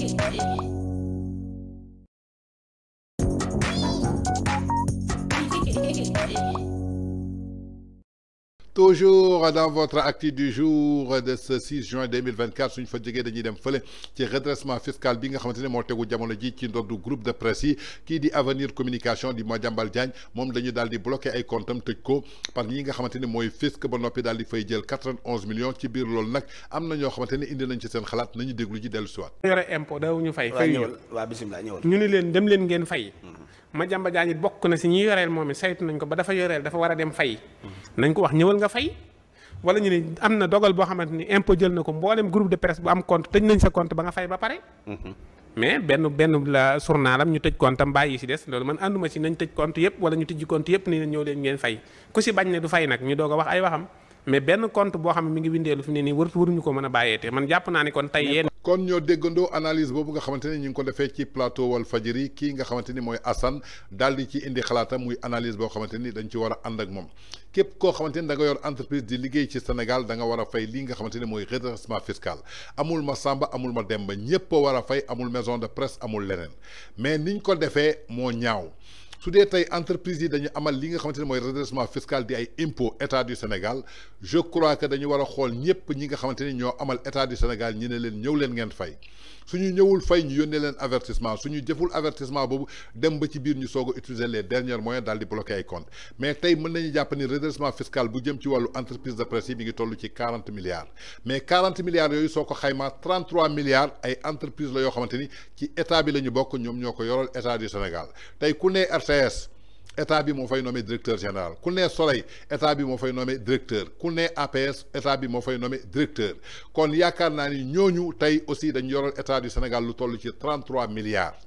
Thank you. toujours dans votre actu du jour de ce 6 juin 2024 suñ fa jógee dañuy dem fële ci redressement fiscal bi nga xamante mo téggu jamono ji ci ndoddu groupe de presse yi kii di avenir communication di Madiambal Diagne moom dañu daal di bloqué ay comptes tecc ko par ñi nga xamante moy fisc ba nopi daldi fay jël 91 millions ci biir loolu nak amna na ñoo xamante indi nañ ci seen xalaat nañu déglu ci dellu siwaat yore da wuñu fay fay ñu waa bisimilah ñëwal ñu ni len dem len ngeen fay hmm. Madiamba Diagne it bokk na si ñi yoreel moom it saytu nañ ko ba dafa yoreel dafa war a dem fay nañ ko wax ñëwal nga fay wala ñu ne am na dogal boo xamante ni impôt jël na ko mboolem groupe de presse bu am nañ sa compte ba nga fay ba pare mhm. mais benn benn la journalam ñu tëj compte am bàyyi si des loolu man ànduma si nañ tëj compte yëpp wala ñu tëjji compte yëpp ni ñëw leen fay ku si bañ ne du fay nag ñu doog a wax ay waxam mais benn compte boo xam ne mi ngi windeelu fi ne nii wër waruñu ko mën a bàyyee te man naa ni kon tey yéen kon ñoo déggandoo analyse boobu nga xamante ni ñu ngi ko defee ci plateau wal fajiri kii nga xamante ni mooy Assane daal di ci indi xalaatam muy analyse boo xamante ni dañ ci war a ànd ak moom képp koo xamante ni da yor entreprise di liggéey ci Sénégal danga nga war a fay lii nga xamante ni mooy redressement fiscal amul ma Samba amul ma dem ba a war a fay amul maison de presse amul leneen mais niñ ko defee moo ñaaw. su dee tey entreprise yi dañu amal li nga xamante ne mooy redressement fiscal di ay impôt état du Sénégal je crois que dañu war a xool ñëpp ñi nga xamante ni ñoo amal état du Sénégal ñi ne leen ñëw leen ngeen fay suñu ñëwul fay ñu yónnee leen avertissement suñu jëful avertissement boobu dem ba ci biir ñu soog a utiliser les derniers moyens daal di bloquer ay comptes mais tey mën nañu jàpp ni redressement fiscal bu jëm ci wàllu entreprise de presse ngi toll ci quarante milliards mais quarante milliards yooyu soo ko xaymaa trente trois milliards entreprise la yoo xamante ni ci état bi la ñu bokk ñoom ñoo ko yoral état du Sénégal RTS état bi moo fay nommé directeur général ku nee Soleil état bi moo fay nommé directeur ku ne APS état bi moo fay nommé directeur kon yaakaar naa ni ñooñu tey aussi dañu yoral état du Sénégal lu toll ci 33 milliards.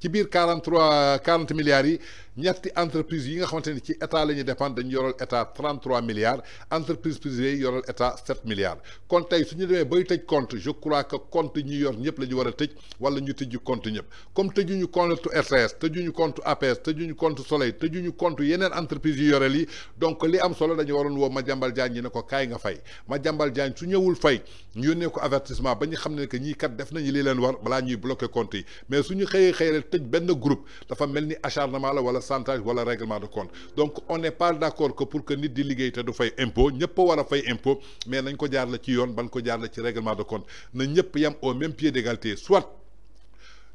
ci biir quarante trois quarante milliards yi ñetti entreprise yi nga xamante ni ci état la ñuy dépendre dañu yoral état trente trois milliards entreprise privée yi yoral état sept milliards kon tey su ñu demee bay tëj compte je crois que compte ñi yor ñëpp la ñu war a tëj wala ñu tëjju compte ñëpp comme tëjuñu compte RTS tëjuñu compte APS ñu compte Soleil tëjuñu compte yeneen entreprise yi yoreel yi donc li am solo dañu waroon woo Madiambal Diagne ñi ne ko kaay nga fay Madiambal Diagne su ñëwul fay ñu yónnee ko avertissement ba ñu xam ne que ñii kat def nañu li leen war balaa ñuy bloqué compte yi mais suñu xëyee xëyee tëj benn groupe dafa mel ni acharnement la wala chantage wala règlement de compte donc on n'est pas d'accord que pour que nit di liggéey te du fay impôt ñëpp a war mais nañ ko jaar la ci yoon ban ko règlement de compte Nous ñëpp yam au même pied d'égalité soit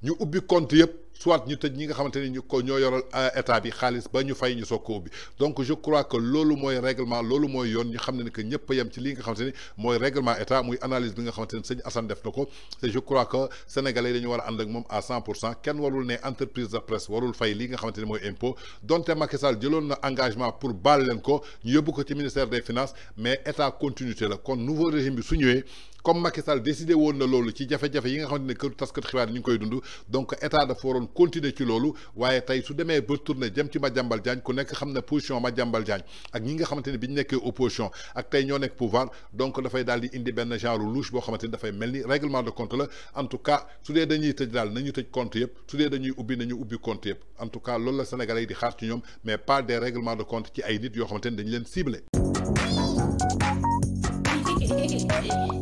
nous ubbi compte soit ñu tej ñi nga xamanteni ñu ko ñoo yoral euh, état bi xaalis ba ñu fay ñu sokko bi donc je crois que lolu moy règlement lolu moy yoon ñu xam ne que ñepp yam ci li nga xamanteni moy règlement état muy analyse bi nga xamanteni ni Assane def nako ko je crois que sénégalais dañu wara and ak mom à 100% ken cent kenn warul ne entreprise de presse warul fay li nga xamanteni moy impôt donte Macky Sall jëloon na engagement pour bal len ko ñu yobbu ko ci ministère des finances mais état continuité la kon nouveau régime bi su ñëwee comme Macky Sall décidé won na lolu ci jafé jafé yi nga xamanteni ne këru taskat xibaar ñu koy dund donc état dafa waroon continuer ci loolu waye tay su ba tourner jëm ci Diagne ku nek position Diagne ak ñi nga opposition ak pouvoir donc da fay daldi indi ben genre louche En xamanteni da fay melni règlement de compte la en tout cas su dañuy dal nañu compte de su dañuy ubbi nañu compte en tout cas la Sénégalais di xaar ci mais pas des règlements de compte ci ay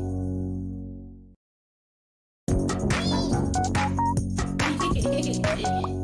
Bye.